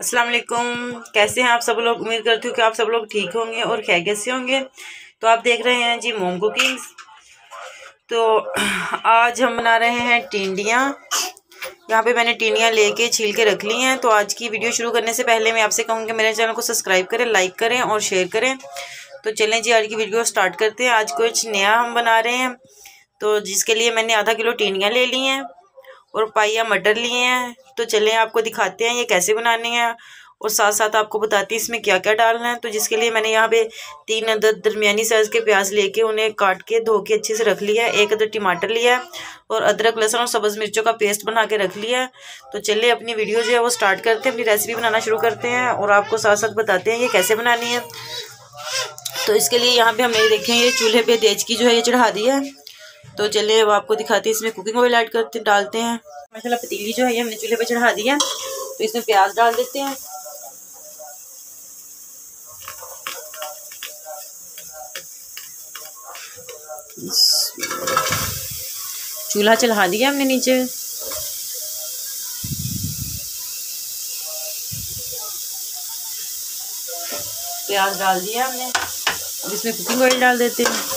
अस्सलाम वालेकुम कैसे हैं आप सब लोग उम्मीद करती हूँ कि आप सब लोग ठीक होंगे और खैरियत कैसे होंगे तो आप देख रहे हैं जी मोम कुकिंग्स तो आज हम बना रहे हैं टिंडियाँ यहाँ पे मैंने टिंडियाँ लेके छील के रख ली हैं तो आज की वीडियो शुरू करने से पहले मैं आपसे कहूँगी मेरे चैनल को सब्सक्राइब करें लाइक करें और शेयर करें तो चलें जी आज की वीडियो स्टार्ट करते हैं आज कुछ नया हम बना रहे हैं तो जिसके लिए मैंने आधा किलो टिंडियाँ ले ली हैं और पाइया मटर लिए हैं तो चलें आपको दिखाते हैं ये कैसे बनाने हैं और साथ साथ आपको बताती हैं इसमें क्या क्या डालना है तो जिसके लिए मैंने यहाँ पे तीन अदर दरमियानी साइज़ के प्याज लेके उन्हें काट के धो के अच्छे से रख लिया है एक अदर टमाटर लिया है और अदरक लहसुन और सब्ज़ मिर्चों का पेस्ट बना के रख लिया है तो चलिए अपनी वीडियो जो है वो स्टार्ट करते हैं अपनी रेसिपी बनाना शुरू करते हैं और आपको साथ साथ बताते हैं ये कैसे बनानी है तो इसके लिए यहाँ पर हमने देखें ये चूल्हे पर देज की जो है ये चढ़ा दी है तो चले अब आपको दिखाती है इसमें कुकिंग ऑयल ऐड करते डालते हैं मसाला पतीली जो है ये हमने चूल्हे पर चढ़ा दिया तो इसमें प्याज डाल देते हैं चूल्हा चढ़ा दिया हमने नीचे प्याज डाल दिया हमने अब इसमें कुकिंग ऑयल डाल देते हैं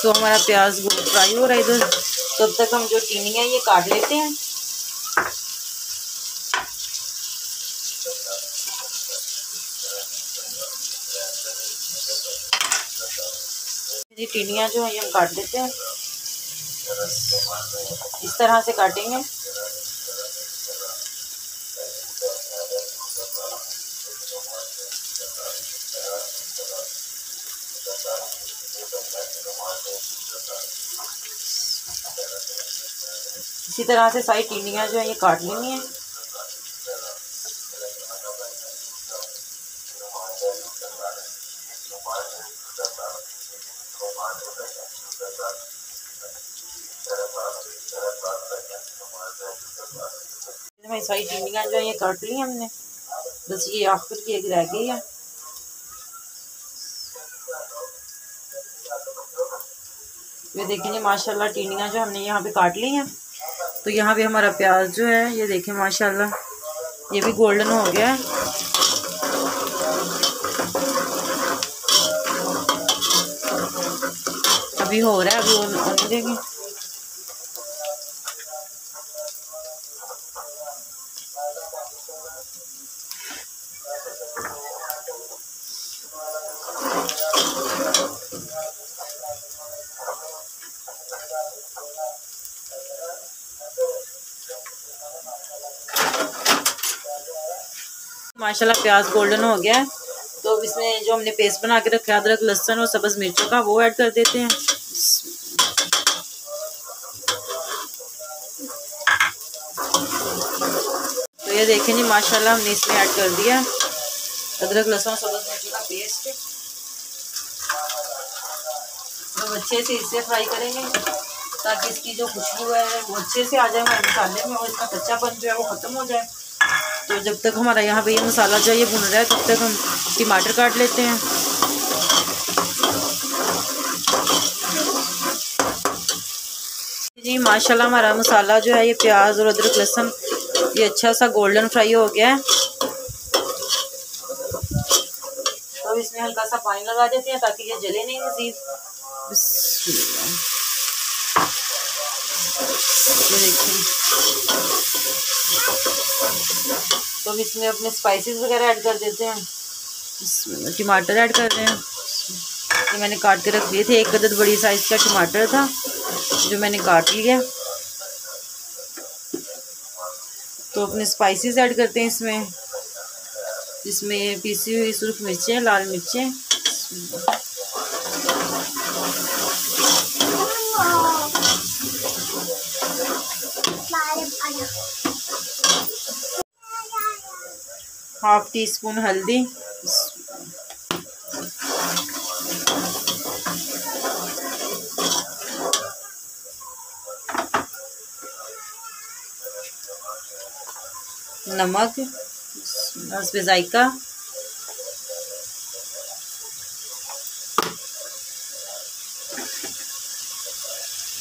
सो हमारा प्याज गोल फ्राई हो रहा है इधर तब तक हम जो टीनी है ये काट लेते हैं जी टीनियाँ जो है ये हम काट देते हैं इस तरह से काटेंगे इसी तरह से सारी टिंडियाँ जो है ये काट लेनी है सारी टिंडियाँ जो है ये काट ली हमने बस ये आखिर की एक रह गई है ये देखेंगे माशाल्लाह टिंडियाँ जो हमने यहाँ पे काट ली हैं तो यहाँ भी हमारा प्याज जो है ये देखें माशाल्लाह ये भी गोल्डन हो गया है अभी हो रहा है अभी होने माशाल्लाह प्याज गोल्डन हो गया है तो इसमें जो हमने पेस्ट बना के रखा अदरक लहसन और सब्ज़ मिर्चों का वो ऐड कर देते हैं तो ये देखें जी माशाल्लाह हमने इसमें ऐड कर दिया अदरक लहसुन सब्ज़ मिर्चों का पेस्ट तो हम अच्छे से इसे फ्राई करेंगे ताकि इसकी जो खुशबू है वो अच्छे से आ जाए हमारे मसाले में और इसका कच्चापन जो है वो ख़त्म हो जाए तो जब तक हमारा यहाँ पे ये मसाला जो ये भुन रहा है तब तक हम टमाटर काट लेते हैं जी माशाल्लाह हमारा मसाला जो है ये प्याज और अदरक लहसुन ये अच्छा सा गोल्डन फ्राई हो गया है अब तो इसमें हल्का सा पानी लगा देते हैं ताकि ये जले नहीं मजीद तो इसमें अपने स्पाइसेस वगैरह ऐड कर देते हैं इसमें टमाटर ऐड कर रहे हैं ये मैंने काट के रख लिए थे एक कदर बड़ी साइज़ का टमाटर था जो मैंने काट लिया तो अपने स्पाइसेस ऐड करते हैं इसमें इसमें पीसी हुई सुरख मिर्चें लाल मिर्चें हाफ टी स्पून हल्दी नमक जायका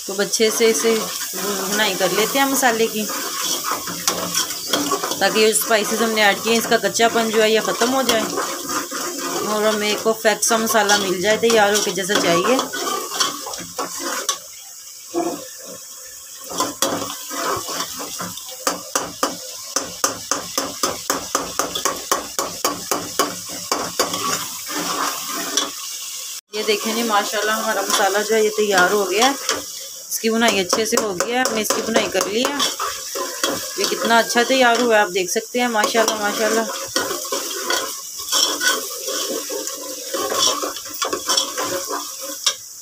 तो अच्छे से इसे भुनाई कर लेते हैं मसाले की ताकि जो स्पाइसेस हमने ऐड किए इसका कच्चापन जो है ये ख़त्म हो जाए और हमें एक फैक्ट सा मसाला मिल जाए तैयार होकर जैसा चाहिए ये देखें नहीं माशाल्लाह हमारा मसाला जो है ये तैयार हो गया है इसकी बुनाई अच्छे से हो गया है हमने इसकी बुनाई कर ली है कितना अच्छा तैयार हुआ है आप देख सकते हैं माशाल्लाह माशाल्लाह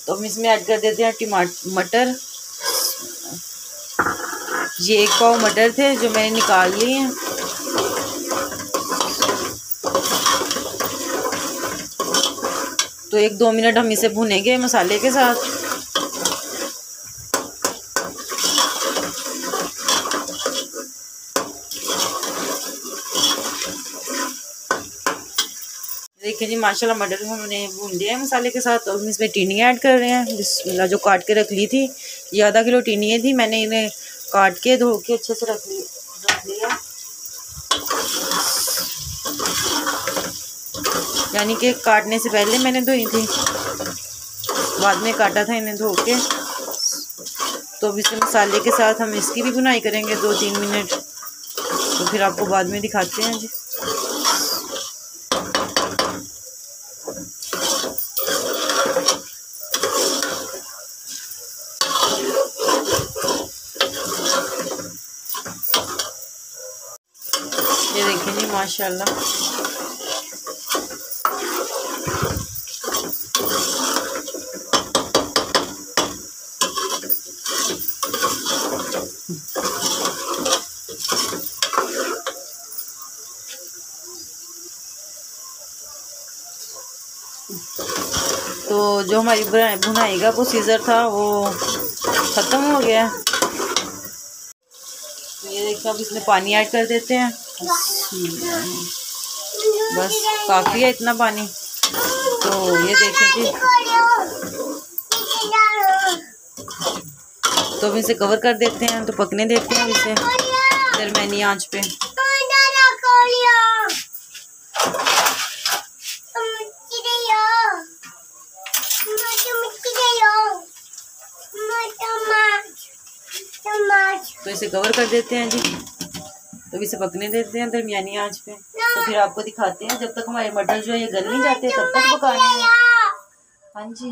तो हम इसमें ऐड कर देते हैं टमाटर मटर ये एक पाव मटर थे जो मैंने निकाल लिए हैं तो एक दो मिनट हम इसे भुनेंगे मसाले के साथ देखिए जी माशाल्लाह मटर हमने भून लिया है मसाले के साथ और हम इसमें टीनी ऐड कर रहे हैं बिस्मिल्लाह जो काट के रख ली थी ये आधा किलो टीनी थी मैंने इन्हें काट के धो के अच्छे से रख ली रख लिया यानी कि काटने से पहले मैंने धोई थी बाद में काटा था इन्हें धो के तो अब इसे मसाले के साथ हम इसकी भी बुनाई करेंगे दो तीन मिनट तो फिर आपको बाद में दिखाते हैं जी ये देखिए जी माशाल्लाह जो हमारी बुनाई का प्रोसीजर था वो ख़त्म हो गया तो ये देखिए अब इसमें पानी ऐड कर देते हैं बस काफ़ी है इतना पानी तो ये देखें कि तो अब इसे कवर कर देते हैं तो पकने देते हैं इसे दरमियानी आँच पे से कवर कर देते हैं जी तो इसे पकने देते हैं दरमियानी आँच पे तो फिर आपको दिखाते हैं जब तक हमारे मटर जो है ये गल नहीं जाते तब तक पकाने हाँ जी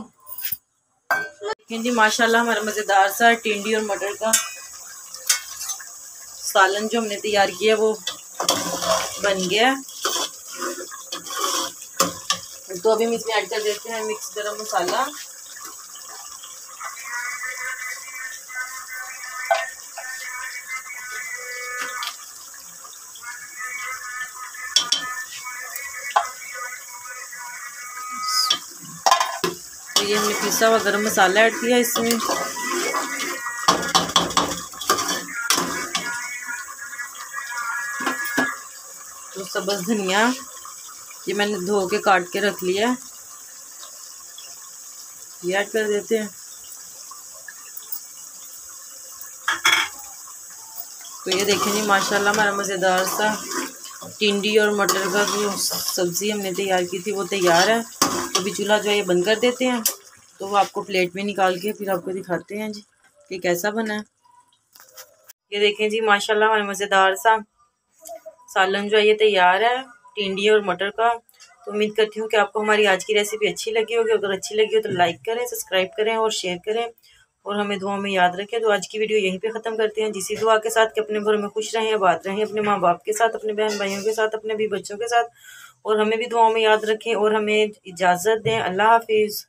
लेकिन जी माशाल्लाह हमारा मज़ेदार सा टिंडी और मटर का सालन जो हमने तैयार किया वो बन गया तो अभी हम इसमें ऐड कर देते हैं मिक्स गरम मसाला पिसा हुआ गर्म मसाला ऐड किया इसमें तो सबस धनिया ये मैंने धो के काट के रख लिया ये ऐड कर देते हैं तो ये देखें जी माशाल्लाह हमारा मज़ेदार सा टिंडी और मटर का जो सब्ज़ी हमने तैयार की थी वो तैयार है अभी तो चूल्हा जो है ये बंद कर देते हैं तो वो आपको प्लेट में निकाल के फिर आपको दिखाते हैं जी कि कैसा बना है ये देखें जी माशाल्लाह हमारे मज़ेदार सा सालन जो है ये तैयार है टिंडी और मटर का तो उम्मीद करती हूँ कि आपको हमारी आज की रेसिपी अच्छी लगी होगी अगर अच्छी लगी हो तो लाइक करें सब्सक्राइब करें और शेयर करें और हमें दुआ में याद रखें तो आज की वीडियो यहीं पे ख़त्म करते हैं जिसी दुआ के साथ कि अपने घरों में खुश रहें बात रहें अपने माँ बाप के साथ अपने बहन भाइयों के साथ अपने भी बच्चों के साथ और हमें भी दुआओं में याद रखें और हमें इजाज़त दें अल्लाह हाफिज़